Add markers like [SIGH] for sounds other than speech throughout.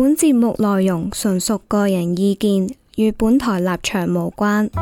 本節目內容純屬個人意見，與本台立場無關。 [MUSIC]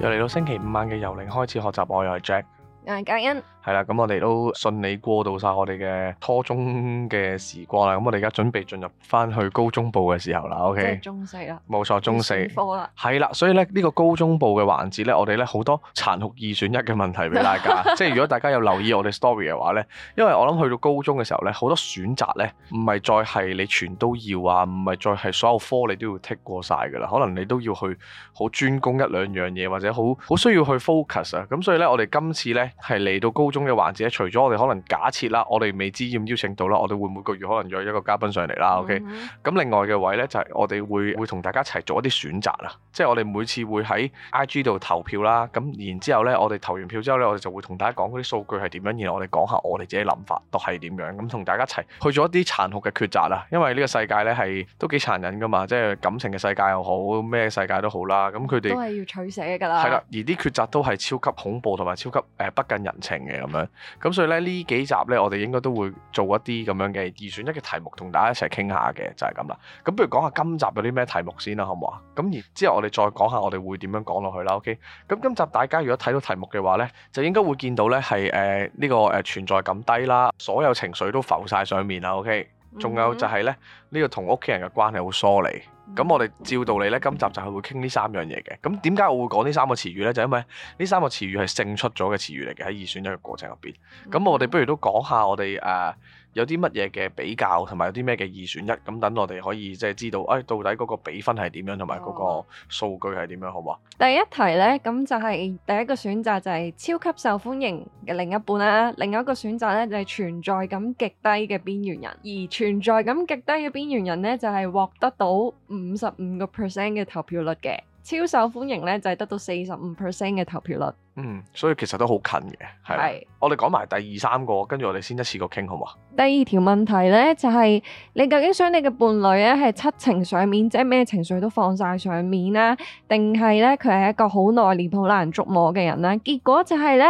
又嚟到星期五晚嘅由零開始學習愛，愛 Jack。係，隔日係啦，咁我哋都順利過渡晒我哋嘅初中嘅時光啦。咁我哋而家準備進入翻去高中部嘅時候啦。Okay，中四啦，冇錯，中四科啦，係啦。所以咧呢個高中部嘅環節咧，我哋咧好多殘酷二選一嘅問題俾大家。 [LAUGHS] 即係如果大家有留意我哋 story 嘅話咧，因為我諗去到高中嘅時候咧，好多選擇咧唔係再係你全都要啊，唔係再係所有科你都要剔過晒噶啦。可能你都要去好專攻一兩樣嘢，或者好好需要去 focus 啊。咁所以咧，我哋今次咧。係嚟到高中嘅環節咧，除咗我哋可能假設啦，我哋未知要唔要邀請到啦，我哋會每個月可能約一個嘉賓上嚟啦。OK，咁、mm hmm. 另外嘅位咧就係我哋會會同大家一齊做一啲選擇啦，即係我哋每次會喺 IG 度投票啦，咁然之後咧，我哋投完票之後咧，我哋就會同大家講嗰啲數據係點樣，然後我哋講下我哋自己諗法都係點樣，咁同大家一齊去做一啲殘酷嘅抉擇啊，因為呢個世界咧係都幾殘忍噶嘛，即係感情嘅世界又好，咩世界好都好啦，咁佢哋都係要取捨㗎啦。係啦，而啲抉擇都係超級恐怖同埋超級誒。呃不近人情嘅咁樣咁，所以咧呢幾集呢，我哋應該都會做一啲咁樣嘅二選一嘅題目，同大家一齊傾下嘅就係咁啦。咁不如講下今集有啲咩題目先啦，好唔好啊？咁然之後我哋再講下我哋會點樣講落去啦。OK，咁今集大家如果睇到題目嘅話呢，就應該會見到呢係誒呢個誒、呃、存在感低啦，所有情緒都浮晒上面啦。OK，仲有就係呢，呢、呢個同屋企人嘅關係好疏離。咁我哋照道理呢，今集就係會傾呢三樣嘢嘅。咁點解我會講呢三個詞語呢？就因為呢三個詞語係勝出咗嘅詞語嚟嘅，喺二選一嘅過程入面。咁我哋不如都講下我哋誒，呃有啲乜嘢嘅比較，同埋有啲咩嘅二選一咁，等我哋可以即係知道，哎，到底嗰個比分係點樣，同埋嗰個數據係點樣，好唔好啊？第一題咧，咁就係第一個選擇就係超級受歡迎嘅另一半啦，另一個選擇咧就係存在感極低嘅邊緣人，而存在感極低嘅邊緣人咧就係獲得到五十五個 percent 嘅投票率嘅。超受歡迎咧，就係得到四十五 percent 嘅投票率。嗯，所以其實都好近嘅，係嘛？是我哋講埋第二三個，跟住我哋先一次過傾好唔好？第二條問題咧，就係、是、你究竟想你嘅伴侶咧係七情上面，即係咩情緒都放晒上面啦？定係咧佢係一個好內斂、好難捉摸嘅人咧？結果就係咧，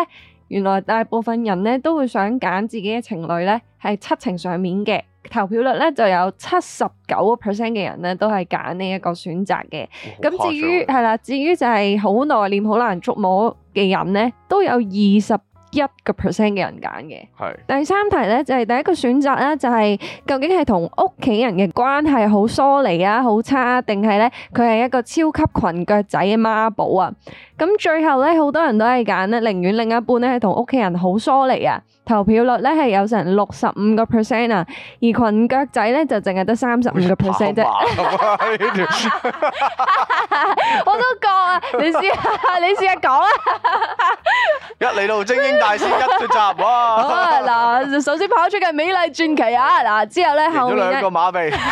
原來大部分人咧都會想揀自己嘅情侶咧係七情上面嘅。投票率咧，就有七十九個 percent 嘅人咧，都係揀呢一個選擇嘅。咁至於係啦，至於就係好內斂、好難捉摸嘅人咧，都有二十一個 percent 嘅人揀嘅。係是第三題咧，就係第一個選擇啦，就係究竟係同屋企人嘅關係好疏離啊，好差，定係咧佢係一個超級裙腳仔嘅媽寶啊？咁最後咧，好多人都係揀咧，寧願另一半咧係同屋企人好疏離啊！投票率咧係有成六十五個 percent 啊，而裙腳仔咧就淨係得三十五個 percent 啫。我都覺啊，你試下，你試下講啊！嘗嘗 [LAUGHS] 一嚟到精英大師一脫閘啊！嗱 [LAUGHS] [LAUGHS] 首先跑出嘅美麗傳奇啊！嗱，之後咧後面變咗兩個馬尾。 [LAUGHS]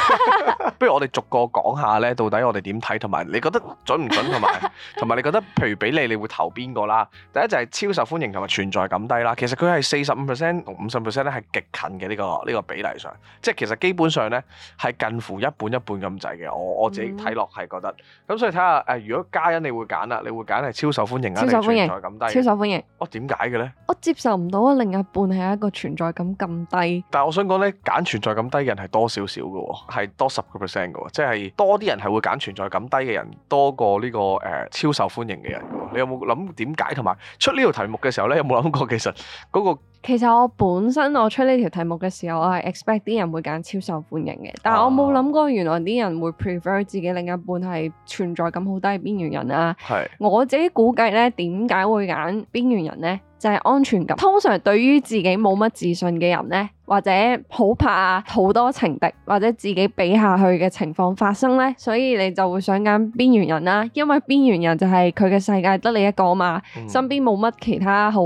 [LAUGHS] 不如我哋逐個講下咧，到底我哋點睇，同埋你覺得準唔準，同埋同埋你覺得譬如。比例你，你會投邊個啦？第一就係、是、超受歡迎同埋存在感低啦。其實佢係四十五 percent 同五十 percent 咧係極近嘅呢、這個呢、這個比例上，即係其實基本上咧係近乎一半一半咁滯嘅。我我自己睇落係覺得。咁、嗯、所以睇下誒、呃，如果 Kayan 你會揀啦，你會揀係超受歡迎啊，受歡迎存在感低，超受歡迎。哦，點解嘅咧？我接受唔到啊！另一半係一個存在感咁低。但係我想講咧，揀存在感低嘅人係多少少嘅喎，係多十個 percent 嘅喎，即係多啲人係會揀存在感低嘅人多過呢個誒超受歡迎嘅人。你有冇諗點解同埋出呢條題目嘅時候咧，有冇諗過其實嗰個？其實我本身我出呢條題目嘅時候，我係 expect 啲人會揀超受歡迎嘅，但我冇諗過原來啲人會 prefer 自己另一半係存在感好低邊緣人啊。係我自己估計咧，點解會揀邊緣人咧？就係安全感。通常對於自己冇乜自信嘅人咧。或者好怕好多情敵或者自己比下去嘅情況發生呢，所以你就會想揀邊緣人啦。因為邊緣人就係佢嘅世界得你一個嘛，嗯、身邊冇乜其他好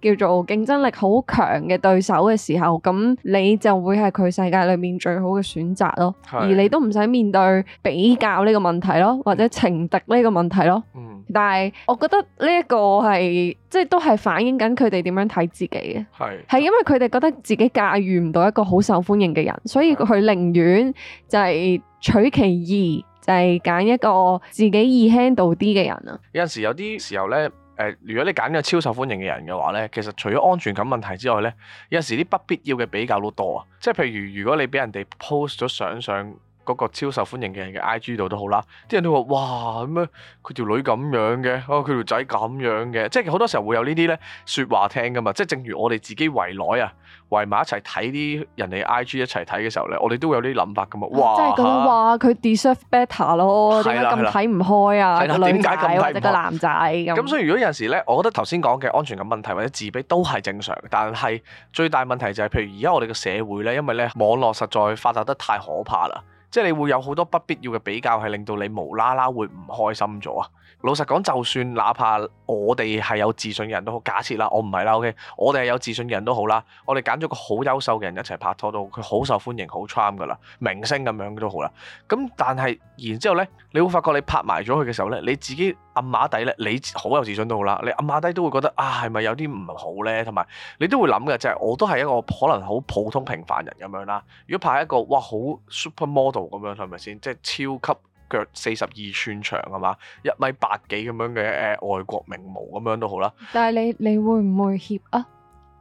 叫做競爭力好強嘅對手嘅時候，咁你就會係佢世界裏面最好嘅選擇咯。是而你都唔使面對比較呢個問題咯，或者情敵呢個問題咯。嗯但係，我覺得呢一個係即係都係反映緊佢哋點樣睇自己嘅，係係是因為佢哋覺得自己駕馭唔到一個好受歡迎嘅人，所以佢寧願就係取其易，就係、是、揀一個自己易 handle 啲嘅人啊。有陣時有啲時候咧，誒、呃，如果你揀一個超受歡迎嘅人嘅話咧，其實除咗安全感問題之外咧，有陣時啲不必要嘅比較都多啊。即係譬如如果你俾人哋 post 咗相相。嗰個超受歡迎嘅人嘅 IG 度都好啦，啲人都話：哇咁啊，佢條女咁樣嘅，哦佢條仔咁樣嘅，即係好多時候會有呢啲咧説話聽噶嘛。即係正如我哋自己圍內啊，圍埋一齊睇啲人哋 IG 一齊睇嘅時候咧，我哋都會有啲諗法噶嘛。哇！即係咁話佢 deserve better 咯，點解咁睇唔開啊？女仔或者個男仔咁。咁所以如果有陣時咧，我覺得頭先講嘅安全感問題或者自卑都係正常，但係最大問題就係譬如而家我哋嘅社會咧，因為咧網絡實在發達得太可怕啦。即係你會有好多不必要嘅比較，係令到你無啦啦會唔開心咗啊！老實講，就算哪怕我哋係有自信嘅人都好，假設啦，我唔係啦，OK，我哋係有自信嘅人都好啦，我哋揀咗個好優秀嘅人一齊拍拖都好，佢好受歡迎，好 charm 噶啦，明星咁樣都好啦。咁但係然之後呢，你會發覺你拍埋咗佢嘅時候呢，你自己暗啞底呢，你好有自信都好啦，你暗啞底都會覺得啊，係咪有啲唔好呢？同埋你都會諗嘅，就係我都係一個可能好普通平凡人咁樣啦。如果拍一個哇好 super model 咁樣，係咪先？即係超級。腳四十二寸長係嘛，一米八幾咁樣嘅誒、呃、外國名模咁樣都好啦。但係你你會唔會怯啊？誒、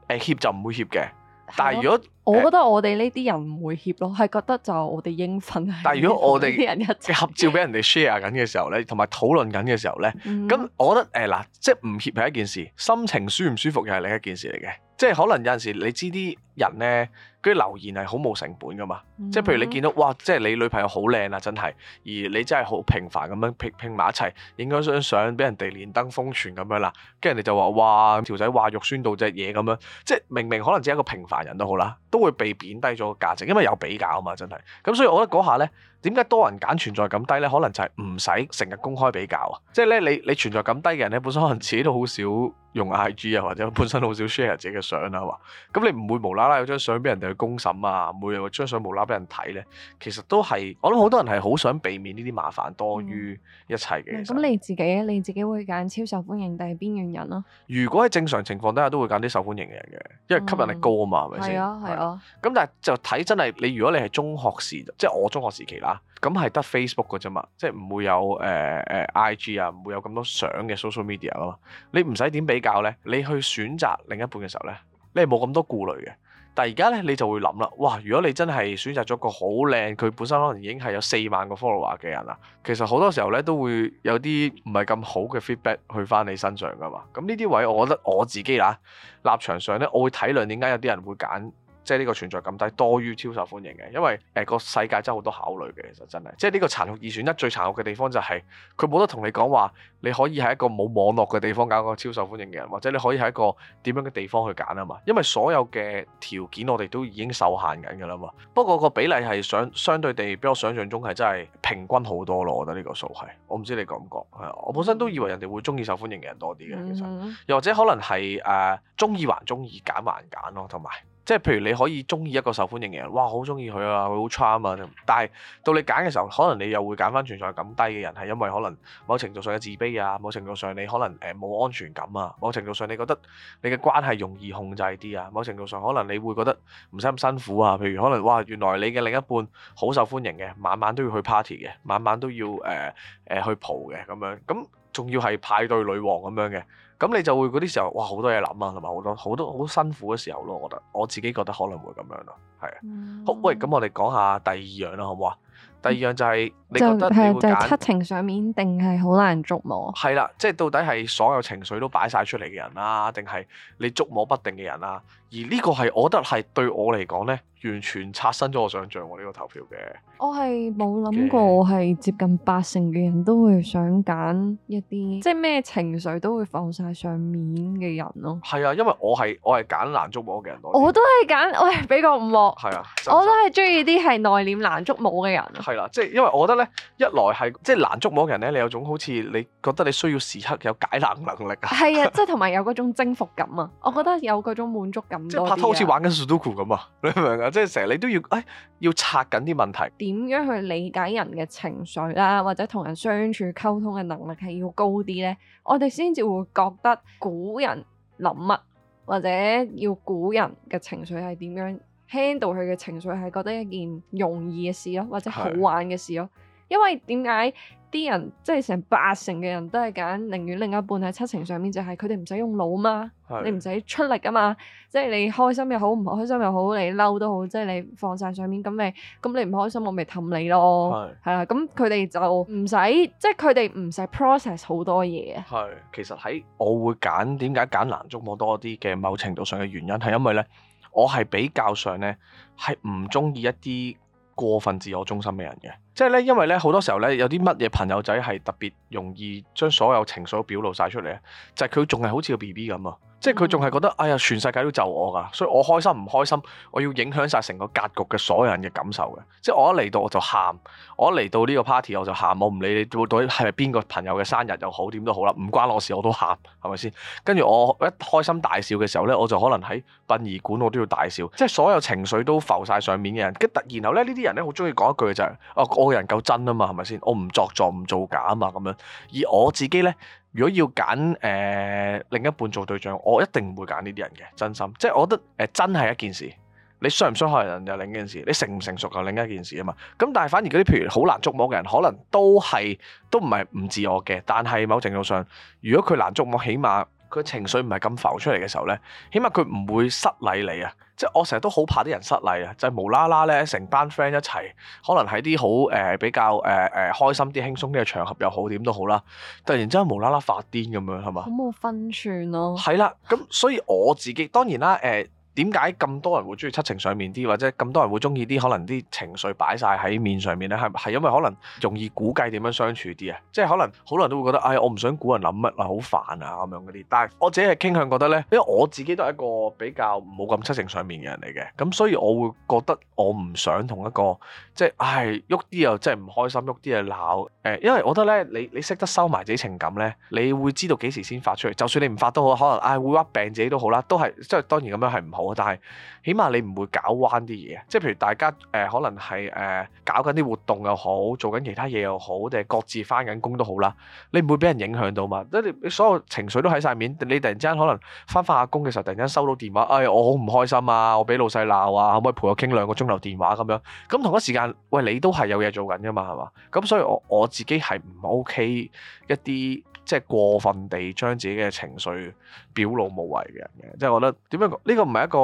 呃、怯就唔會怯嘅，的但係如果。我覺得我哋呢啲人唔會怯咯，係覺得就我哋應份。但係如果我哋嘅合照俾人哋 share 緊嘅時候咧，同埋討論緊嘅時候咧，咁、 [LAUGHS] 嗯、我覺得誒嗱、欸，即係唔怯係一件事，心情舒唔舒服又係另一件事嚟嘅。即係可能有陣時你知啲人咧，佢留言係好冇成本噶嘛。嗯、即係譬如你見到哇，即係你女朋友好靚啊，真係。而你真係好平凡咁樣拼拼埋一齊影咗張相俾人哋連登瘋傳咁樣嗱，跟住人哋就話哇，條仔話肉酸到隻嘢咁樣。即係明明可能只係一個平凡人都好啦。都會被貶低咗個價值，因為有比較啊嘛，真係，咁所以我覺得嗰下咧。點解多人揀存在感低呢？可能就係唔使成日公開比較啊！即係咧，你你存在感低嘅人咧，本身可能自己都好少用 IG 啊，或者本身好少 share 自己嘅相啊嘛。咁你唔會無啦啦有張相俾人哋去公審啊，唔會有張相無啦啦俾人睇呢？其實都係，我諗好多人係好想避免呢啲麻煩多於一切嘅。咁、嗯、你自己呢你自己會揀超受歡迎定係邊樣人咯？如果喺正常情況底下，都會揀啲受歡迎嘅人嘅，因為吸引力高啊嘛，係咪先？係啊，係啊。咁、啊啊、但係就睇真係你，如果你係中學時，即、就、係、係、我中學時期啦。咁係得 Facebook 嘅啫嘛，即係唔會有誒誒、uh, uh, IG 啊，唔會有咁多相嘅 social media 啊嘛。你唔使點比較呢，你去選擇另一半嘅時候呢，你係冇咁多顧慮嘅。但係而家呢，你就會諗啦，哇！如果你真係選擇咗個好靚，佢本身可能已經係有四萬個 follower 嘅人啊，其實好多時候呢，都會有啲唔係咁好嘅 feedback 去翻你身上噶嘛。咁呢啲位，我覺得我自己啦，立場上呢，我會體諒點解有啲人會揀。即係呢個存在感低，多於超受歡迎嘅，因為誒個、呃、世界真係好多考慮嘅。其實真係，即係呢個殘酷二選一最殘酷嘅地方就係佢冇得同你講話，你可以喺一個冇網絡嘅地方搞一個超受歡迎嘅人，或者你可以喺一個點樣嘅地方去揀啊嘛。因為所有嘅條件我哋都已經受限緊㗎啦嘛。不過個比例係想相，相對地比我想象中係真係平均好多咯。我覺得呢個數係我唔知你覺唔覺係。我本身都以為人哋會中意受歡迎嘅人多啲嘅，其實又或者可能係誒中意還中意揀還揀咯，同埋。即係譬如你可以中意一個受歡迎嘅人，哇好中意佢啊，佢好 charm 啊。但係到你揀嘅時候，可能你又會揀翻存在感低嘅人，係因為可能某程度上嘅自卑啊，某程度上你可能誒冇、呃、安全感啊，某程度上你覺得你嘅關係容易控制啲啊，某程度上可能你會覺得唔使咁辛苦啊。譬如可能哇，原來你嘅另一半好受歡迎嘅，晚晚都要去 party 嘅，晚晚都要誒誒、呃呃、去蒲嘅咁樣，咁仲要係派對女王咁樣嘅。咁你就會嗰啲時候，哇，好多嘢諗啊，同埋好多好多好辛苦嘅時候咯、啊，我覺得我自己覺得可能會咁樣咯，係啊。嗯、好，喂，咁我哋講下第二樣啦，好唔好啊？第二樣就係、是。你覺得你就係就七情上面定係好難捉摸？係啦，即係到底係所有情緒都擺晒出嚟嘅人啦、啊，定係你捉摸不定嘅人啦、啊？而呢個係我覺得係對我嚟講呢，完全刷新咗我想像，我呢、呢個投票嘅。我係冇諗過，係接近八成嘅人都會想揀一啲即係咩情緒都會放晒上面嘅人咯、啊。係啊，因為我係我係揀難捉摸嘅人咯。我都係揀喂，俾個五個。係啊，我都係中意啲係內斂難捉摸嘅人。係啦，即係因為我覺得一來係即係難捉摸人咧，你有種好似你覺得你需要時刻有解難能力啊。係啊，即係同埋有嗰種征服感啊，我覺得有嗰種滿足感、啊。即係拍拖好似玩緊 sudoku 咁啊，你明唔明啊？即係成日你都要誒、哎，要拆緊啲問題。點樣去理解人嘅情緒啦、啊，或者同人相處溝通嘅能力係要高啲咧，我哋先至會覺得估人諗乜或者要估人嘅情緒係點樣 handle 佢嘅情緒係覺得一件容易嘅事咯、啊，或者好玩嘅事咯、啊。因為點解啲人即係成八成嘅人都係揀寧願另一半喺七情上面，就係佢哋唔使用腦嘛，你唔使出力啊嘛，即係你開心又好，唔開心又好，你嬲都好，即係你放晒上面咁咪，咁你唔開心我咪氹你咯，係啦是，咁佢哋就唔使即係佢哋唔使 process 好多嘢係，其實喺我會揀點解揀難捉摸多啲嘅某程度上嘅原因，係因為咧，我係比較上咧係唔中意一啲。過分自我中心嘅人嘅，即係呢，因為呢好多時候呢有啲乜嘢朋友仔係特別容易將所有情緒都表露曬出嚟，就係佢仲係好似個 BB 咁啊。即係佢仲係覺得，哎呀，全世界都就我㗎，所以我開心唔開心，我要影響晒成個格局嘅所有人嘅感受嘅。即係我一嚟到我就喊，我一嚟到呢個 party 我就喊，我唔理你到底係咪邊個朋友嘅生日又好點都好啦，唔關我事我都喊，係咪先？跟住我一開心大笑嘅時候呢，我就可能喺殯儀館我都要大笑，即係所有情緒都浮晒上面嘅人。跟住然後咧，呢啲人呢，好中意講一句就係，哦，我個人夠真啊嘛，係咪先？我唔作作唔做假啊嘛，咁樣。而我自己呢……如果要揀誒、呃、另一半做對象，我一定唔會揀呢啲人嘅，真心，即係我覺得誒、呃、真係一件事，你傷唔傷害人又另一件事，你成唔成熟又另一件事啊嘛。咁但係反而嗰啲譬如好難捉摸嘅人，可能都係都唔係唔自我嘅，但係某程度上，如果佢難捉摸，起碼。佢情緒唔係咁浮出嚟嘅時候呢，起碼佢唔會失禮你啊！即係我成日都好怕啲人失禮啊，就係、是、無啦啦呢成班 friend 一齊，可能喺啲好誒比較誒誒、呃、開心啲、輕鬆啲嘅場合又好點都好啦，突然之間無啦啦發癲咁樣係嘛？好冇分寸咯、啊！係啦， [LAUGHS] 咁所以我自己當然啦誒。點解咁多人會中意七情上面啲，或者咁多人會中意啲可能啲情緒擺晒喺面上面呢？係係因為可能容易估計點樣相處啲啊？即係可能好多人都會覺得，唉，我唔想估人諗乜啊，好煩啊咁樣嗰啲。但係我自己係傾向覺得呢，因為我自己都係一個比較冇咁七情上面嘅人嚟嘅，咁所以我會覺得我唔想同一個即係唉喐啲又即係唔開心，喐啲又鬧誒。因為我覺得呢，你你識得收埋自己情感呢，你會知道幾時先發出去。就算你唔發都好，可能唉會屈病自己都好啦，都係即係當然咁樣係唔好。但係，起碼你唔會搞彎啲嘢，即係譬如大家誒、呃、可能係誒、呃、搞緊啲活動又好，做緊其他嘢又好，定係各自翻緊工都好啦。你唔會俾人影響到嘛？即你所有情緒都喺晒面，你突然之間可能翻翻下工嘅時候，突然之間收到電話，哎，我好唔開心啊，我俾老細鬧啊，可唔可以陪我傾兩個鐘頭電話咁樣？咁同一時間，喂，你都係有嘢做緊㗎嘛，係嘛？咁所以我我自己係唔 OK 一啲。即係過分地將自己嘅情緒表露無遺嘅人嘅，即係我覺得點樣講，呢個唔係一個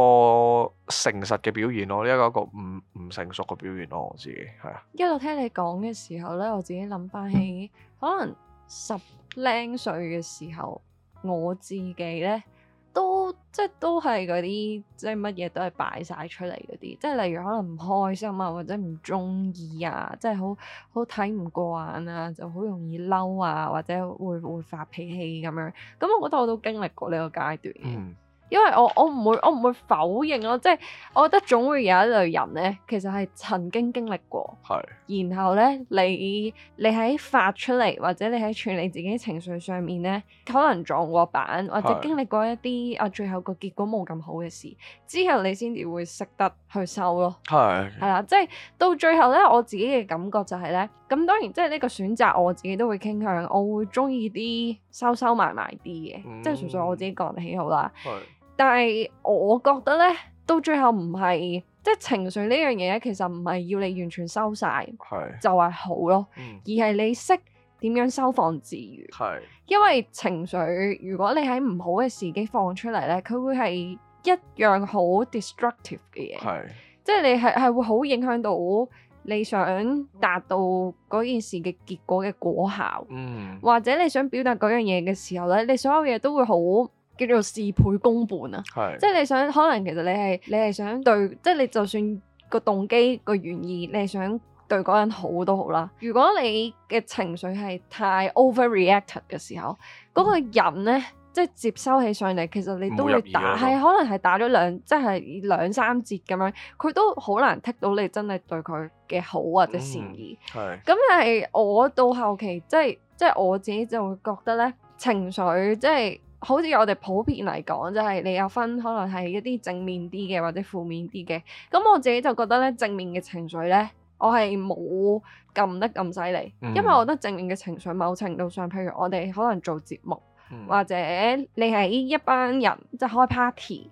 誠實嘅表現咯，呢個，一個個唔唔成熟嘅表現咯，我自己係啊。一路聽你講嘅時候咧，我自己諗翻起可能十零歲嘅時候，我自己咧。 [LAUGHS] 都即係都係嗰啲，即係乜嘢都係擺晒出嚟嗰啲，即係例如可能唔開心啊，或者唔中意啊，即係好好睇唔過眼啊，就好容易嬲啊，或者會會發脾氣咁樣。咁我覺得我都經歷過呢個階段嘅。嗯因為我我唔會我唔會否認咯，即係我覺得總會有一類人咧，其實係曾經經歷過，係是，然後咧你你喺發出嚟或者你喺處理自己情緒上面咧，可能撞過板或者經歷過一啲啊是最後個結果冇咁好嘅事之後，你先至會識得去收咯，係是，係啦，即係到最後咧，我自己嘅感覺就係咧，咁當然即係呢個選擇我自己都會傾向，我會中意啲收收埋埋啲嘅，即係純粹我自己個人喜好啦。係。但係我覺得呢，到最後唔係即係情緒呢樣嘢，其實唔係要你完全收晒，是就係好咯，嗯，而係你識點樣收放自如。是因為情緒如果你喺唔好嘅時機放出嚟呢，佢會係一樣好 destructive 嘅嘢。即係是你係係會好影響到你想達到嗰件事嘅結果嘅果效。嗯，或者你想表達嗰樣嘢嘅時候呢，你所有嘢都會好。叫做事倍功半啊！是即係你想，可能其實你係你係想對，即、就、係、是、你就算個動機、個原意，你係想對嗰人好都好啦。如果你嘅情緒係太 overreact 嘅時候，嗰、嗯、個人咧，即係接收起上嚟，其實你都係打，係可能係打咗兩，即係兩三折咁樣，佢都好難 take 到你真係對佢嘅好或者善意。係咁、嗯、但係我到後期，即係即係我自己就會覺得咧，情緒即係。好似我哋普遍嚟講，就係、是、你有分可能係一啲正面啲嘅或者負面啲嘅。咁我自己就覺得咧，正面嘅情緒咧，我係冇撳得咁犀利，嗯、因為我覺得正面嘅情緒某程度上，譬如我哋可能做節目，嗯、或者你喺一班人即係、就是、開 party。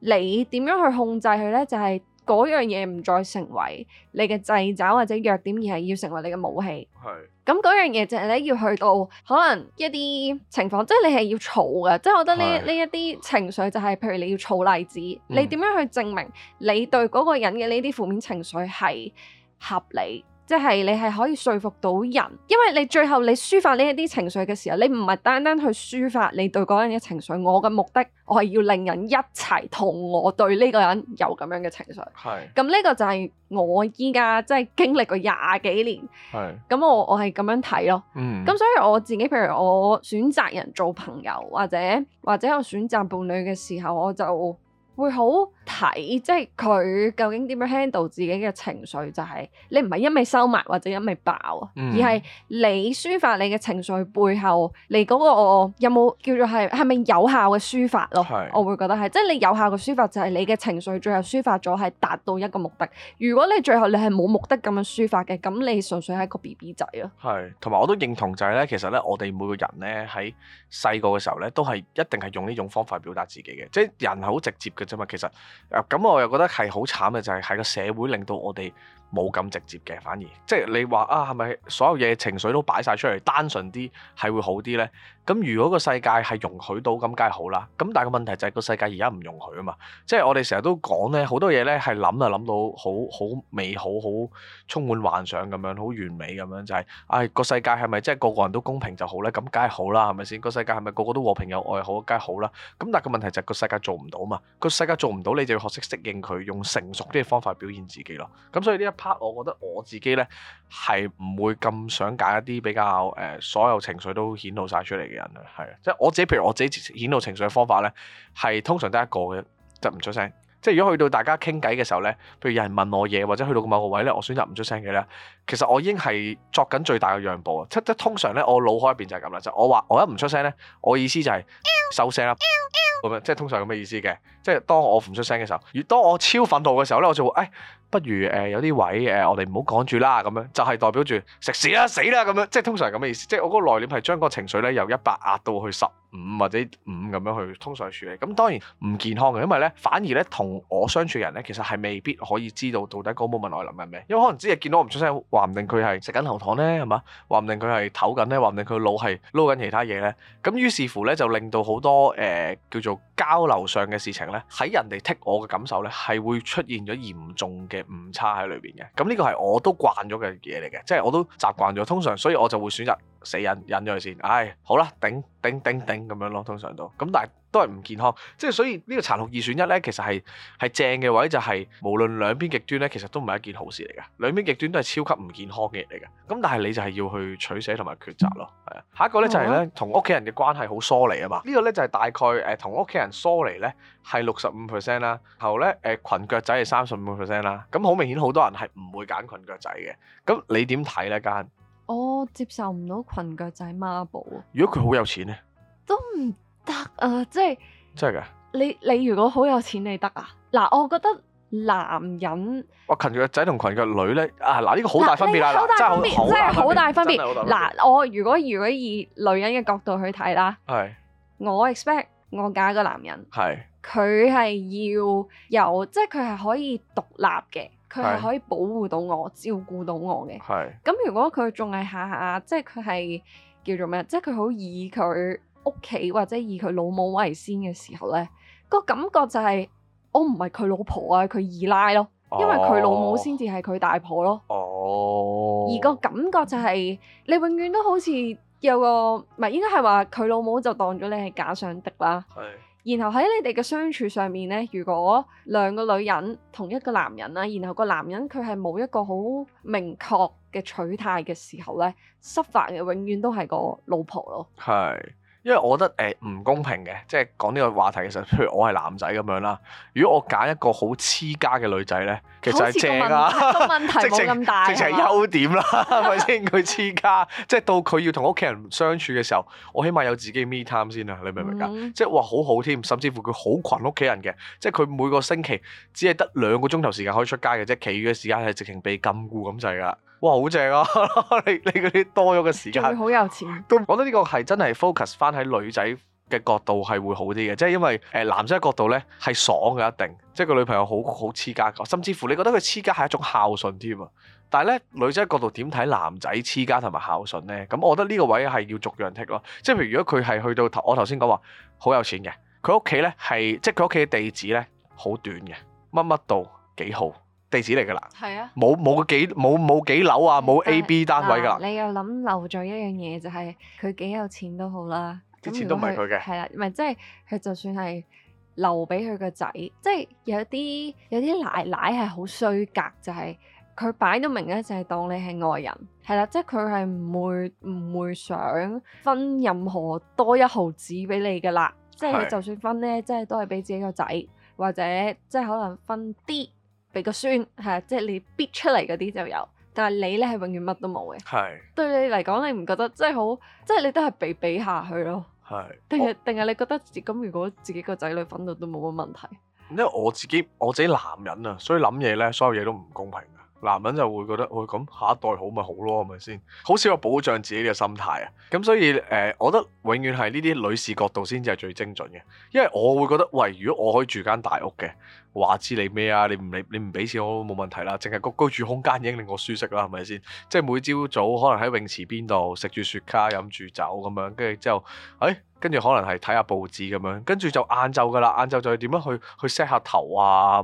你點樣去控制佢呢？就係、是、嗰樣嘢唔再成為你嘅掣肘或者弱點，而係要成為你嘅武器。咁嗰是樣嘢就係你要去到可能一啲情況，即係你係要儲嘅，即係我覺得呢呢是一啲情緒就係，譬如你要儲例子，嗯、你點樣去證明你對嗰個人嘅呢啲負面情緒係合理？即係你係可以說服到人，因為你最後你抒發呢一啲情緒嘅時候，你唔係單單去抒發你對嗰人嘅情緒，我嘅目的我係要令人一齊同我對呢個人有咁樣嘅情緒。係是，咁呢個就係我依家即係經歷過廿幾年，係是，咁我我係咁樣睇咯。嗯，咁所以我自己譬如我選擇人做朋友或者或者我選擇伴侶嘅時候，我就會好。睇即係佢究竟點樣 handle 自己嘅情緒，就係、是、你唔係一味收埋或者一味爆啊，嗯、而係你抒發你嘅情緒背後，你嗰、那個有冇叫做係係咪有效嘅抒發咯？是我會覺得係，即係你有效嘅抒發就係你嘅情緒最後抒發咗係達到一個目的。如果你最後你係冇目的咁樣抒發嘅，咁你純粹係一個 B B 仔咯。係同埋我都認同就係、是、咧，其實咧我哋每個人咧喺細個嘅時候咧都係一定係用呢種方法表達自己嘅，即係人係好直接嘅啫嘛，其實。誒咁、啊、我又覺得係好慘嘅，就係、係、喺個社會令到我哋冇咁直接嘅，反而即係你話啊，係咪所有嘢情緒都擺晒出嚟，單純啲係會好啲呢？咁如果個世界係容許到，咁梗係好啦。咁但係個問題就係個世界而家唔容許啊嘛。即係我哋成日都講呢，好多嘢呢係諗就諗到好好美好，好充滿幻想咁樣，好完美咁樣，就係唉個世界係咪即係個個人都公平就好呢？咁梗係好啦，係咪先？個世界係咪個個都和平有愛好，梗係好啦。咁但係個問題就係個世界做唔到嘛。個世界做唔到，你就要學識適應佢，用成熟啲嘅方法表現自己咯。咁所以呢一我覺得我自己呢，係唔會咁想揀一啲比較誒、呃、所有情緒都顯露晒出嚟嘅人啊，係啊，即係我自己，譬如我自己顯露情緒嘅方法呢，係通常得一個嘅，就唔出聲。即係如果去到大家傾偈嘅時候呢，譬如有人問我嘢，或者去到某個位呢，我選擇唔出聲嘅呢。其實我已經係作緊最大嘅讓步啊！即即通常咧，我腦海入邊就係咁啦，就我話我一唔出聲咧，我意思就係收聲啦，咁樣即係通常咁嘅意思嘅。即係當我唔出聲嘅時候，而當我超憤怒嘅時候咧，我就會誒、哎，不如誒、呃、有啲位誒、呃，我哋唔好講住啦，咁樣就係、是、代表住食屎啦死啦咁樣，即係通常咁嘅意思。即係我個內斂係將個情緒咧由一百壓到去十五或者五咁樣去通常處理。咁、嗯、當然唔健康嘅，因為咧反而咧同我相處人咧，其實係未必可以知道到底嗰個 moment 我諗緊咩，因為可能只係見到我唔出聲。話唔定佢係食緊喉糖呢，係嘛？話唔定佢係唞緊呢，話唔定佢腦係撈緊其他嘢呢。咁於是乎呢，就令到好多誒、呃、叫做交流上嘅事情呢，喺人哋剔我嘅感受呢，係會出現咗嚴重嘅誤差喺裏邊嘅。咁呢個係我都慣咗嘅嘢嚟嘅，即係我都習慣咗。通常，所以我就會選擇死忍忍咗佢先。唉，好啦，頂頂頂頂咁樣咯，通常都。咁但係。都係唔健康，即係所以呢個殘酷二選一呢，其實係係正嘅位、就是，就係無論兩邊極端呢，其實都唔係一件好事嚟噶。兩邊極端都係超級唔健康嘅嘢嚟噶。咁但係你就係要去取捨同埋抉擇咯。係啊，下一個呢，就係、是、呢同屋企人嘅關係好疏離啊嘛。呢、這個呢，就係、是、大概誒，同屋企人疏離呢，係六十五 percent 啦，然後咧誒裙腳仔係三十五 percent 啦。咁好明顯，好多人係唔會揀裙腳仔嘅。咁你點睇呢？嘉欣，我接受唔到裙腳仔孖寶。如果佢好有錢呢？都唔。得啊、嗯，即係真係的嘅。你你如果好有錢，你得啊。嗱，我覺得男人哇，裙腳仔同裙腳女咧啊，嗱、這、呢個好大分別啦，真係好大分別，人真係好大分別。嗱，我如果如果以女人嘅角度去睇啦，係是我 expect 我嫁個男人係佢係要有，即係佢係可以獨立嘅，佢係是可以保護到我，照顧到我嘅。係咁是，如果佢仲係下下，即係佢係叫做咩？即係佢好以佢。是屋企或者以佢老母為先嘅時候呢，呢個感覺就係我唔係佢老婆啊，佢二奶咯，因為佢老母先至係佢大婆咯。哦，而個感覺就係、是、你永遠都好似有個唔係，應該係話佢老母就當咗你係假想敵啦。是然後喺你哋嘅相處上面呢，如果兩個女人同一個男人啦，然後個男人佢係冇一個好明確嘅取態嘅時候呢，失敗嘅永遠都係個老婆咯。係。因為我覺得誒唔公平嘅，即係講呢個話題嘅時候，譬如我係男仔咁樣啦，如果我揀一個好黐家嘅女仔咧，其實就係正啊，個問題冇咁大，直情係優點啦，係咪先？佢黐家，即係到佢要同屋企人相處嘅時候，我起碼有自己 me time 先啊，你明唔明？Mm hmm. 即係話好好添，甚至乎佢好羣屋企人嘅，即係佢每個星期只係得兩個鐘頭時，時間可以出街嘅啫，其他嘅時間係直情被禁錮咁滯嘅。哇，好正啊！ [LAUGHS] 你你嗰啲多咗嘅時間，仲好有錢。都我覺得呢個係真係 focus 翻喺女仔嘅角度係會好啲嘅，即係因為誒男仔角度呢係爽嘅一定，即係個女朋友好好黐家，甚至乎你覺得佢黐家係一種孝順添啊。但係呢，女仔角度點睇男仔黐家同埋孝順呢？咁我覺得呢個位係要逐樣剔咯。即係譬如如果佢係去到頭，我頭先講話好有錢嘅，佢屋企呢係即係佢屋企嘅地址呢，好短嘅，乜乜度，幾號。地址嚟噶啦，冇冇幾冇冇幾樓啊，冇 A 但、B 單位噶啦。你又諗漏咗一樣嘢，就係、是、佢幾有錢都好啦，啲錢都唔係佢嘅，係啦，唔係即係佢就算係留俾佢個仔，即、就、係、是、有啲有啲奶奶係好衰格，就係佢擺到明咧，就係、是、當你係外人，係啦，即係佢係唔會唔會想分任何多一毫紙俾你噶啦，即、就、係、是、就算分咧，即、就、係、是、都係俾自己個仔，或者即係可能分啲。你個孫係即係你逼出嚟嗰啲就有，但係你咧係永遠乜都冇嘅。係是對你嚟講，你唔覺得即係好，即係你都係被比比下去咯。係定係定係你覺得自己咁？如果自己個仔女分到都冇乜問題。因為我自己我自己男人啊，所以諗嘢咧，所有嘢都唔公平。男人就會覺得，喂，咁下一代好咪好咯，係咪先？好少有保障自己嘅心態啊。咁所以誒、呃，我覺得永遠係呢啲女士角度先至係最精準嘅，因為我會覺得，喂，如果我可以住間大屋嘅，話知你咩啊？你唔你你唔俾錢我都冇問題啦，淨係個居住空間已經令我舒適啦，係咪先？即係每朝早可能喺泳池邊度食住雪茄，飲住酒咁樣，跟住之後，哎。跟住可能係睇下報紙咁樣，跟住就晏晝噶啦，晏晝就係點樣去去 set 下頭啊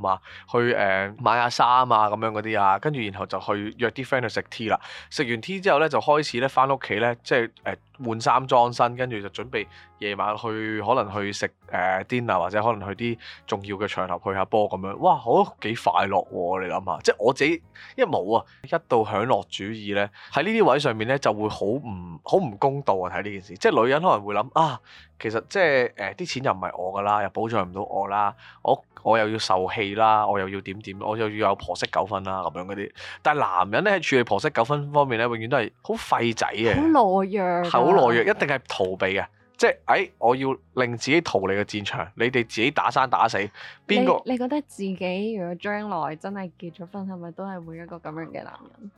去誒、呃、買下衫啊咁樣嗰啲啊，跟住、啊、然後就去約啲 friend 去食 tea 啦，食完 tea 之後咧就開始咧返屋企咧，即係誒。呃換衫裝身，跟住就準備夜晚去，可能去食誒 dinner，或者可能去啲重要嘅場合去下波咁樣。哇，好、哦、幾快樂喎！你諗下，即係我自己，一冇啊，一到享樂主義呢，喺呢啲位上面呢，就會好唔好唔公道啊！睇呢件事，即係女人可能會諗啊。其實即係誒啲錢又唔係我㗎啦，又保障唔到我啦，我我又要受氣啦，我又要點點，我又要有婆媳糾紛啦咁樣嗰啲。但係男人咧，喺處理婆媳糾紛方面咧，永遠都係好廢仔嘅，好懦弱，係好懦弱，一定係逃避㗎，即係誒，我要令自己逃離個戰場，你哋自己打生打死。邊個？你覺得自己如果將來真係結咗婚，係咪都係會一個咁樣嘅男人？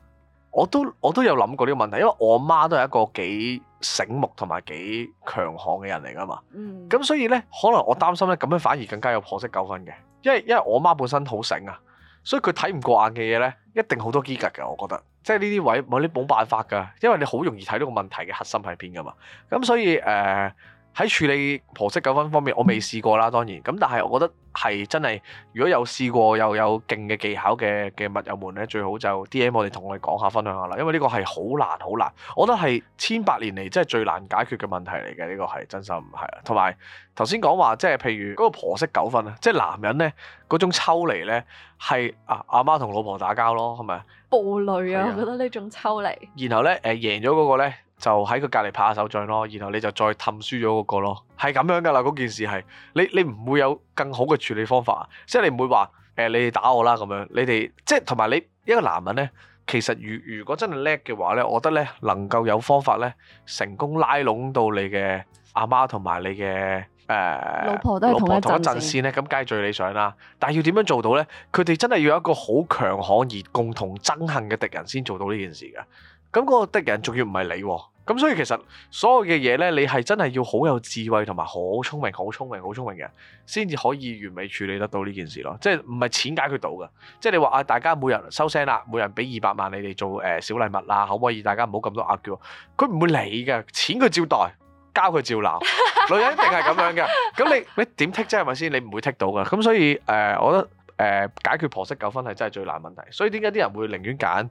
我都我都有諗過呢個問題，因為我媽都係一個幾醒目同埋幾強悍嘅人嚟噶嘛。咁、嗯、所以呢，可能我擔心咧，咁樣反而更加有婆媳糾紛嘅。因為因為我媽本身好醒啊，所以佢睇唔過眼嘅嘢呢，一定好多機格嘅。我覺得即係呢啲位冇你冇辦法㗎，因為你好容易睇到個問題嘅核心喺邊㗎嘛。咁所以誒。呃喺處理婆媳糾紛方面，我未試過啦，當然。咁但係我覺得係真係，如果有試過又有勁嘅技巧嘅嘅密友們咧，最好就 DM 我哋同我哋講下，分享下啦。因為呢個係好難，好難。我覺得係千百年嚟真係最難解決嘅問題嚟嘅，呢個係真心唔係啊。同埋頭先講話，即係譬如嗰個婆媳糾紛啊，即係男人呢嗰種抽離呢，係啊阿媽同老婆打交咯，係咪？暴戾啊，的我覺得呢種抽離。然後呢，誒贏咗嗰個呢。就喺佢隔籬拍下手掌咯，然後你就再氹輸咗嗰個咯，係咁樣噶啦嗰件事係你你唔會有更好嘅處理方法，即係你唔會話誒、呃、你哋打我啦咁樣，你哋即係同埋你一個男人呢，其實如果如果真係叻嘅話呢，我覺得呢能夠有方法呢，成功拉攏到你嘅阿媽同埋你嘅誒、呃、老婆都係同一陣線呢，咁梗係最理想啦。但係要點樣做到呢？佢哋真係要有一個好強悍而共同憎恨嘅敵人先做到呢件事㗎。咁嗰個敵人仲要唔係你喎、啊？咁所以其實所有嘅嘢呢，你係真係要好有智慧同埋好聰明、好聰明、好聰明嘅，先至可以完美處理得到呢件事咯。即係唔係錢解決到嘅。即係你話啊，大家每人收聲啦、啊，每人俾二百萬你哋做誒、呃、小禮物啦、啊，可唔可以？大家唔好咁多阿嬌，佢唔會理㗎，錢佢照袋，交佢照鬧。女人一定係咁樣嘅。咁 [LAUGHS] 你你點剔啫？係咪先？你唔會剔到㗎。咁所以誒、呃，我覺得誒、呃、解決婆媳糾紛係真係最難問題。所以點解啲人會寧願揀？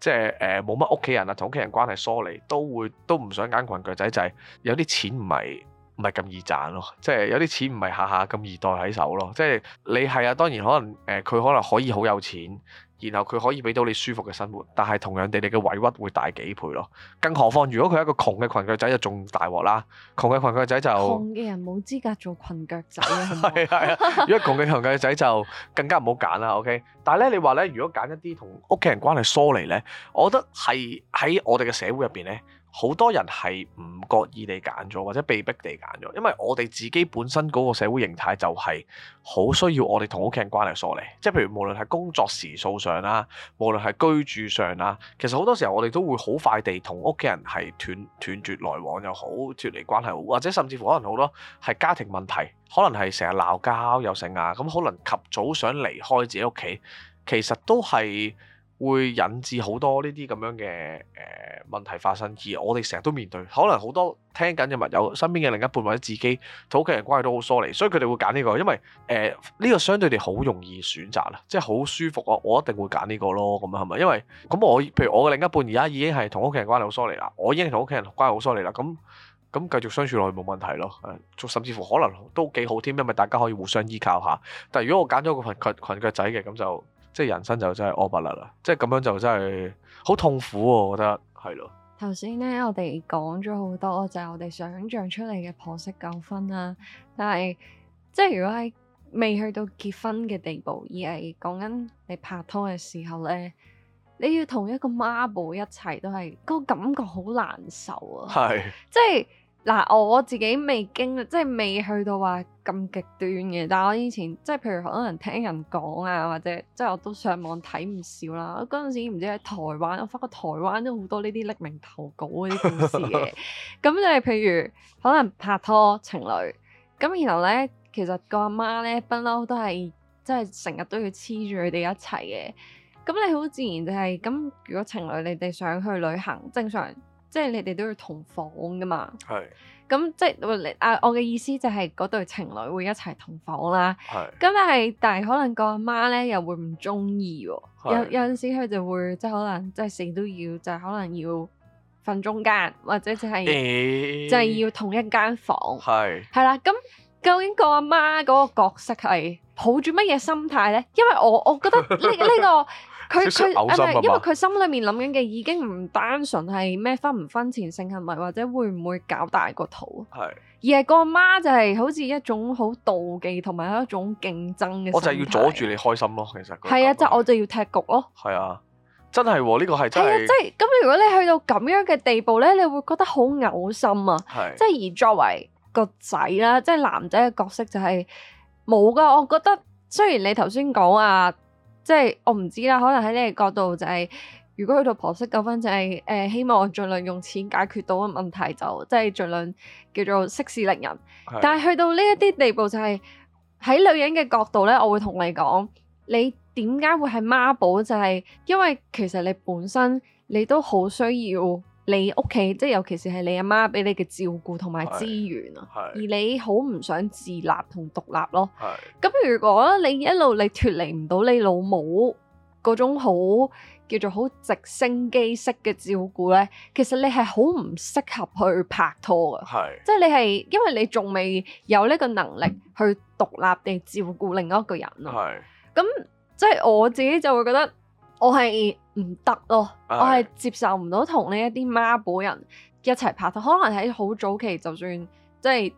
即係誒，冇乜屋企人啊，同屋企人關係疏離，都會都唔想揀裙腳仔。就係，有啲錢唔係唔係咁易賺咯，即係有啲錢唔係下下咁易袋喺手咯，即係你係啊，當然可能誒佢、呃、可能可以好有錢。然後佢可以俾到你舒服嘅生活，但係同樣地你嘅委屈會大幾倍咯。更何況如果佢係一個窮嘅裙腳仔就仲大鑊啦。窮嘅裙腳仔就窮嘅人冇資格做裙腳仔啊。係係啊，如果 [LAUGHS] 窮嘅裙腳仔就更加唔好揀啦。OK，但係咧你話咧，如果揀一啲同屋企人關係疏離咧，我覺得係喺我哋嘅社會入邊咧。好多人係唔覺意地揀咗，或者被逼地揀咗，因為我哋自己本身嗰個社會形態就係好需要我哋同屋企人關係疏離，即係譬如無論係工作時數上啦，無論係居住上啦，其實好多時候我哋都會好快地同屋企人係斷斷絕來往又好，脫離關係好，或者甚至乎可能好多係家庭問題，可能係成日鬧交又成啊，咁可能及早想離開自己屋企，其實都係。會引致好多呢啲咁樣嘅誒問題發生，而我哋成日都面對，可能好多聽緊嘅密友、身邊嘅另一半或者自己同屋企人關係都好疏離，所以佢哋會揀呢、這個，因為誒呢、呃這個相對地好容易選擇啦，即係好舒服啊！我一定會揀呢個咯，咁啊係咪？因為咁我譬如我嘅另一半而家已經係同屋企人關係好疏離啦，我已經同屋企人關係好疏離啦，咁咁繼續相處落去冇問題咯，甚至乎可能都幾好添，因為大家可以互相依靠下。但係如果我揀咗個裙腳裙腳仔嘅咁就。即係人生就真係惡不啦啦，即係咁樣就真係好痛苦喎、啊，我覺得係咯。頭先咧，我哋講咗好多就係我哋想像出嚟嘅婆媳糾紛啦，但係即係如果係未去到結婚嘅地步，而係講緊你拍拖嘅時候咧，你要同一個媽寶一齊，都、那、係個感覺好難受啊，係的，即係。嗱，我自己未經歷，即係未去到話咁極端嘅。但係我以前即係譬如好多人聽人講啊，或者即係我都上網睇唔少啦。嗰陣時唔知喺台灣，我發覺台灣都好多呢啲匿名投稿嗰啲故事嘅。咁 [LAUGHS] 就係譬如可能拍拖情侶，咁然後咧其實個阿媽咧不嬲都係即係成日都要黐住佢哋一齊嘅。咁你好自然就係、是、咁，如果情侶你哋想去旅行，正常。即係你哋都要同房噶嘛？係咁是、嗯、即係你啊！我嘅意思就係嗰對情侶會一齊同房啦。係咁是，但係但係可能個阿媽咧又會唔中意，有有陣時佢就會即係可能即係死都要，就係、是、可能要瞓中間，或者就係、是欸、就係要同一間房。係係是啦，咁、嗯、究竟個阿媽嗰個角色係抱住乜嘢心態咧？因為我我覺得呢、這、呢個。 [LAUGHS] 佢佢因為佢心裏面諗緊嘅已經唔單純係咩分唔分前性行為，或者會唔會搞大個肚？係是而係個阿媽就係好似一種好妒忌同埋一種競爭嘅。我就要阻住你開心咯，其實係啊，就是、我就要踢局咯。係啊，真係呢個係係啊，即係咁。如果你去到咁樣嘅地步咧，你會覺得好嘔心啊！即係是而作為個仔啦，即、就、係、是、男仔嘅角色就係冇噶。我覺得雖然你頭先講啊。即係我唔知啦，可能喺你嘅角度就係、是，如果去到婆媳糾紛，就係誒希望盡量用錢解決到嘅問題就，就即係盡量叫做息事寧人。是的 但係去到呢一啲地步、就是，就係喺女人嘅角度咧，我會同你講，你點解會係媽寶？就係、是、因為其實你本身你都好需要。你屋企即係尤其是係你阿媽俾你嘅照顧同埋資源啊，而你好唔想自立同獨立咯。咁是如果你一路你脱離唔到你老母嗰種好叫做好直升機式嘅照顧呢，其實你係好唔適合去拍拖嘅。即係是你係因為你仲未有呢個能力去獨立地照顧另一個人。咁即係我自己就會覺得我係。唔得咯，我係接受唔到同呢一啲媽寶人一齊拍拖。可能喺好早期，就算即係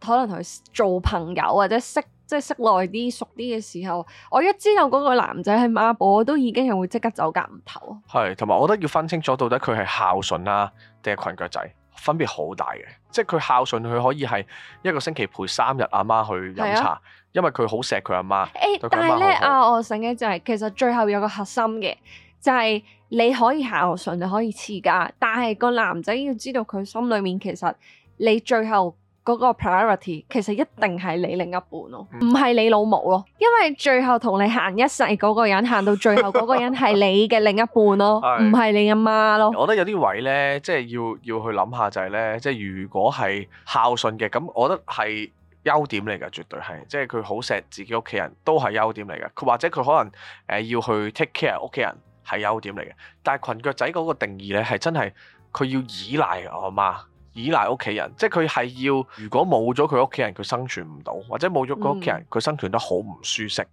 可能同佢做朋友或者識即係識耐啲熟啲嘅時候，我一知道嗰個男仔係媽寶，我都已經係會即刻走夾唔唞。係同埋，我覺得要分清楚到底佢係孝順啊定係裙腳仔，分別好大嘅。即係佢孝順，佢可以係一個星期陪三日阿媽去飲茶，啊、因為佢、欸、好錫佢阿媽。誒，但係咧啊，我醒嘅就係、是、其實最後有個核心嘅。就係你可以孝順，就可以黐家，但係個男仔要知道佢心裏面其實你最後嗰個 priority 其實一定係你另一半咯，唔係你老母咯，因為最後同你行一世嗰個人，行到最後嗰個人係你嘅另一半 [LAUGHS] 咯，唔係你阿媽咯。我覺得有啲位呢，即係要要去諗下就係呢。即係如果係孝順嘅，咁我覺得係優點嚟㗎，絕對係，即係佢好錫自己屋企人都係優點嚟㗎。佢或者佢可能誒、呃、要去 take care 屋企人。係優點嚟嘅，但係裙腳仔嗰個定義呢，係真係佢要依賴我媽，依賴屋企人，即係佢係要，如果冇咗佢屋企人，佢生存唔到，或者冇咗佢屋企人，佢生存得好唔舒適。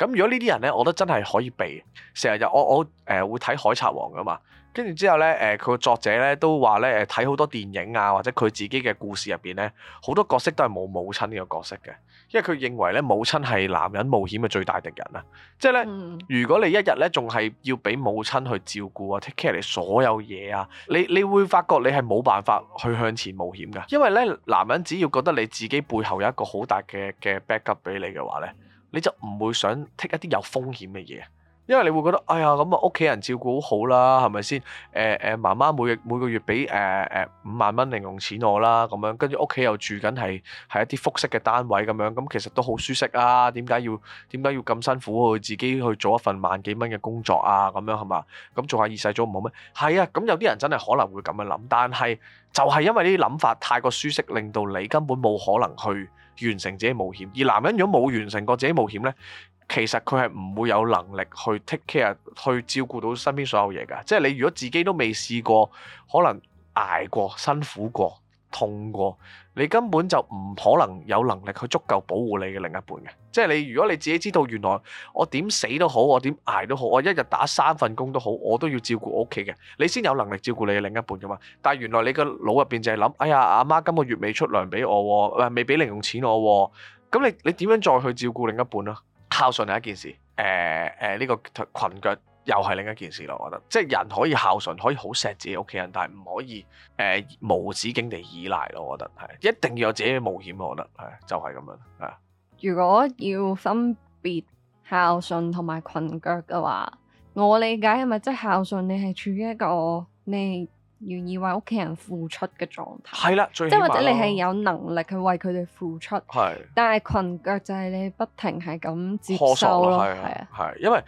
咁如果呢啲人呢，我覺得真係可以避。成日我我誒、呃、會睇《海賊王》噶嘛，跟住之後呢，誒佢個作者呢都話呢，睇好多電影啊，或者佢自己嘅故事入邊呢，好多角色都係冇母親呢個角色嘅，因為佢認為呢，母親係男人冒險嘅最大敵人啊。即係呢，嗯、如果你一日呢仲係要俾母親去照顧啊，take care 你所有嘢啊，你你會發覺你係冇辦法去向前冒險嘅，因為呢，男人只要覺得你自己背後有一個好大嘅嘅 backup 俾你嘅話呢。嗯你就唔會想 take 一啲有風險嘅嘢，因為你會覺得，哎呀咁啊，屋企人照顧好好啦，係咪先？誒、呃、誒，媽媽每每個月俾誒誒五萬蚊零用錢我啦，咁樣跟住屋企又住緊係係一啲複式嘅單位咁樣，咁其實都好舒適啊！點解要點解要咁辛苦去自己去做一份萬幾蚊嘅工作啊？咁樣係嘛？咁做下二世祖唔好咩？係啊，咁有啲人真係可能會咁樣諗，但係就係因為呢啲諗法太過舒適，令到你根本冇可能去完成自己冒險，而男人如果冇完成過自己冒險呢，其實佢係唔會有能力去 take care，去照顧到身邊所有嘢㗎。即係你如果自己都未試過，可能捱過，辛苦過，痛過，你根本就唔可能有能力去足夠保護你嘅另一半嘅。即係你，如果你自己知道，原來我點死都好，我點捱都好，我一日打三份工都好，我都要照顧屋企嘅，你先有能力照顧你嘅另一半噶嘛。但係原來你個腦入邊就係諗，哎呀，阿媽今個月未出糧俾我，喎，未俾零用錢我，咁你你點樣再去照顧另一半啦？孝順係一件事，誒誒呢個裙腳。又係另一件事咯，我覺得，即係人可以孝順，可以好錫自己屋企人，但係唔可以誒、呃、無止境地依賴咯，我覺得係一定要有自己嘅冒險，我覺得係、哎、就係、是、咁樣。係啊，如果要分別孝順同埋裙腳嘅話，我理解係咪即係孝順，你係處於一個你願意為屋企人付出嘅狀態，係啦，即係或者你係有能力去為佢哋付出，係了，的但係裙腳就係你不停係咁接受啊，係因為。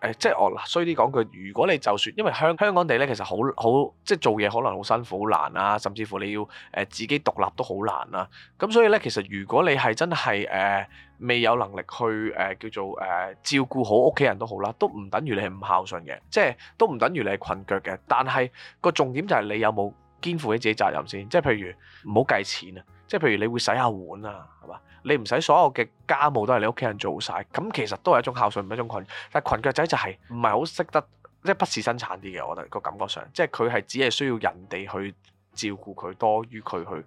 誒，即係我衰啲講句，如果你就算，因為香香港地咧，其實好好，即係做嘢可能好辛苦、好難啊，甚至乎你要誒、呃、自己獨立都好難啦。咁所以咧，其實如果你係真係誒、呃、未有能力去誒、呃、叫做誒、呃、照顧好屋企人都好啦，都唔等於你係唔孝順嘅，即係都唔等於你係裙腳嘅。但係個重點就係你有冇肩負起自己責任先，即係譬如唔好計錢啊。即係譬如你會洗下碗啊，係嘛？你唔使所有嘅家務都係你屋企人做晒，咁其實都係一種孝順，唔係一種裙。但係裙腳仔就係唔係好識得，即係不事生產啲嘅，我哋個感覺上，即係佢係只係需要人哋去照顧佢，多於佢去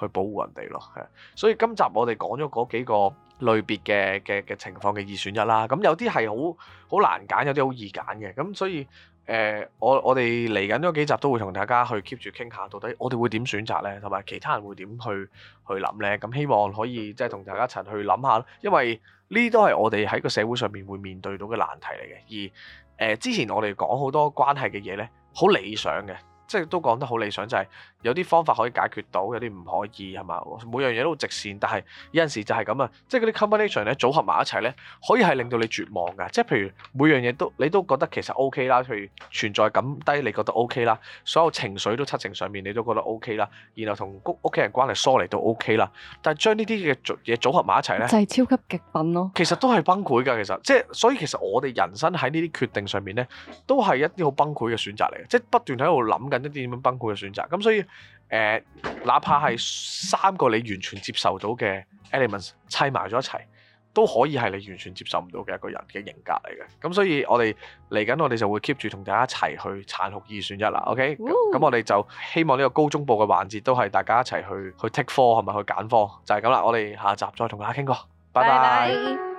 去保護人哋咯。係，所以今集我哋講咗嗰幾個類別嘅嘅嘅情況嘅二選一啦。咁有啲係好好難揀，有啲好易揀嘅。咁所以。誒、呃，我我哋嚟緊嗰幾集都會同大家去 keep 住傾下，到底我哋會點選擇呢？同埋其他人會點去去諗呢？咁希望可以即係同大家一齊去諗下，因為呢都係我哋喺個社會上面會面對到嘅難題嚟嘅。而誒、呃，之前我哋講好多關係嘅嘢呢，好理想嘅。即係都講得好理想，就係有啲方法可以解決到，有啲唔可以係嘛？每樣嘢都直線，但係有陣時就係咁啊！即係嗰啲 combination 咧，組合埋一齊咧，可以係令到你絕望㗎。即係譬如每樣嘢都你都覺得其實 OK 啦，譬如存在感低你覺得 OK 啦，所有情緒都七情上面你都覺得 OK 啦，然後同屋企人關係疏離都 OK 啦，但係將呢啲嘅嘢組合埋一齊咧，就係超級極品咯。其實都係崩潰㗎，其實即係所以其實我哋人生喺呢啲決定上面咧，都係一啲好崩潰嘅選擇嚟嘅，即係不斷喺度諗緊。啲點樣崩潰嘅選擇，咁所以誒、呃，哪怕係三個你完全接受到嘅 elements 砌埋咗一齊，都可以係你完全接受唔到嘅一個人嘅人格嚟嘅。咁所以我哋嚟緊我哋就會 keep 住同大家一齊去殘酷二選一啦。OK，咁 Woo. 我哋就希望呢個高中部嘅環節都係大家一齊去去 take 科係咪？去揀科，就係咁啦。我哋下集再同大家傾過，拜拜。